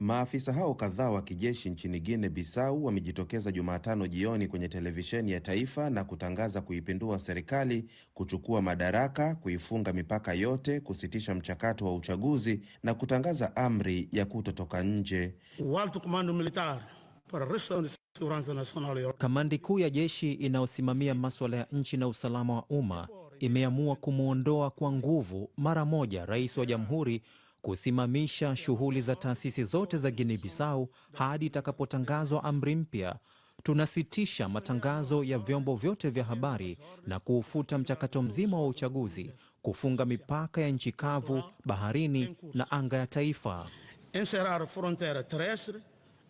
Maafisa hao kadhaa wa kijeshi nchini Guinea Bissau wamejitokeza Jumatano jioni kwenye televisheni ya taifa na kutangaza kuipindua serikali, kuchukua madaraka, kuifunga mipaka yote, kusitisha mchakato wa uchaguzi na kutangaza amri ya kutotoka nje. Kamandi kuu ya jeshi inayosimamia maswala ya nchi na usalama wa umma imeamua kumwondoa kwa nguvu mara moja rais wa jamhuri kusimamisha shughuli za taasisi zote za Guinea Bissau hadi itakapotangazwa amri mpya. Tunasitisha matangazo ya vyombo vyote vya habari na kuufuta mchakato mzima wa uchaguzi, kufunga mipaka ya nchi kavu, baharini na anga ya taifa. Encerrar fronteira terrestre,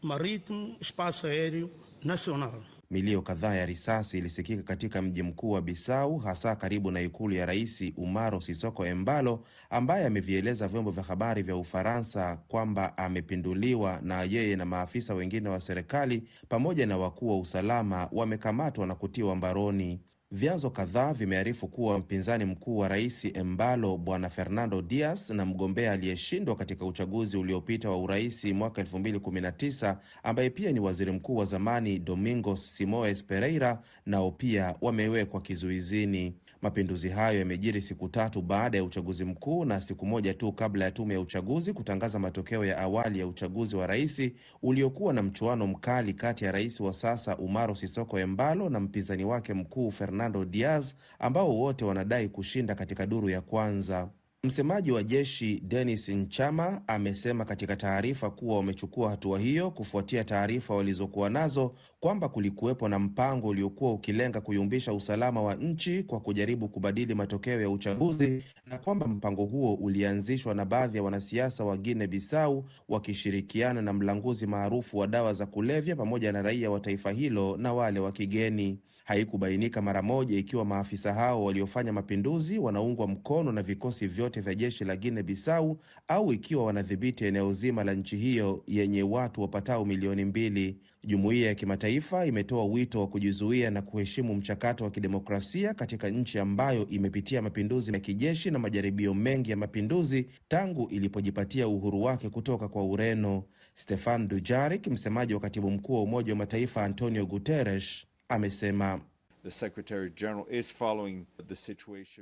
maritimo, espaço aéreo nacional. Milio kadhaa ya risasi ilisikika katika mji mkuu wa Bissau, hasa karibu na ikulu ya Rais Umaro sisoko Embalo, ambaye amevieleza vyombo vya habari vya Ufaransa kwamba amepinduliwa na yeye na maafisa wengine wa serikali pamoja na wakuu wa usalama wamekamatwa na kutiwa mbaroni. Vyanzo kadhaa vimearifu kuwa mpinzani mkuu wa rais Embalo Bwana Fernando Dias na mgombea aliyeshindwa katika uchaguzi uliopita wa urais mwaka 2019 ambaye pia ni waziri mkuu wa zamani Domingos Simoes Pereira nao pia wamewekwa kizuizini. Mapinduzi hayo yamejiri siku tatu baada ya uchaguzi mkuu na siku moja tu kabla ya tume ya uchaguzi kutangaza matokeo ya awali ya uchaguzi wa rais uliokuwa na mchuano mkali kati ya rais wa sasa Umaro sisoko Embalo na mpinzani wake mkuu Fernando Diaz ambao wote wanadai kushinda katika duru ya kwanza. Msemaji wa jeshi Dennis Nchama amesema katika taarifa kuwa wamechukua hatua hiyo kufuatia taarifa walizokuwa nazo kwamba kulikuwepo na mpango uliokuwa ukilenga kuyumbisha usalama wa nchi kwa kujaribu kubadili matokeo ya uchaguzi na kwamba mpango huo ulianzishwa na baadhi ya wanasiasa wa Guinea Bissau wakishirikiana na mlanguzi maarufu wa dawa za kulevya pamoja na raia wa taifa hilo na wale wa kigeni. Haikubainika mara moja ikiwa maafisa hao waliofanya mapinduzi wanaungwa mkono na vikosi vyote vyote vya jeshi la Guinea Bissau au ikiwa wanadhibiti eneo zima la nchi hiyo yenye watu wapatao milioni mbili. Jumuiya ya kimataifa imetoa wito wa kujizuia na kuheshimu mchakato wa kidemokrasia katika nchi ambayo imepitia mapinduzi ya kijeshi na majaribio mengi ya mapinduzi tangu ilipojipatia uhuru wake kutoka kwa Ureno. Stefan Dujarric, msemaji wa katibu mkuu wa Umoja wa Mataifa Antonio Guterres, amesema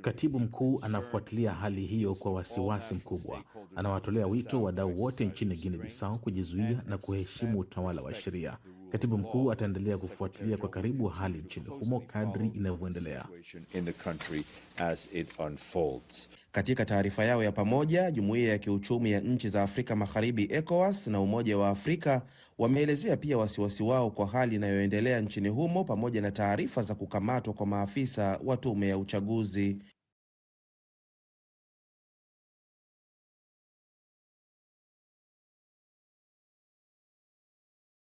Katibu mkuu anafuatilia hali hiyo kwa wasiwasi mkubwa. Anawatolea wito wadau wote nchini Guinea Bissau kujizuia na kuheshimu utawala wa sheria. Katibu mkuu ataendelea kufuatilia kwa karibu hali nchini humo kadri inavyoendelea. Katika taarifa yao ya pamoja, jumuiya ya kiuchumi ya nchi za Afrika Magharibi ECOWAS na Umoja wa Afrika wameelezea pia wasiwasi wao kwa hali inayoendelea nchini humo pamoja na taarifa za kukamatwa kwa maafisa wa tume ya uchaguzi.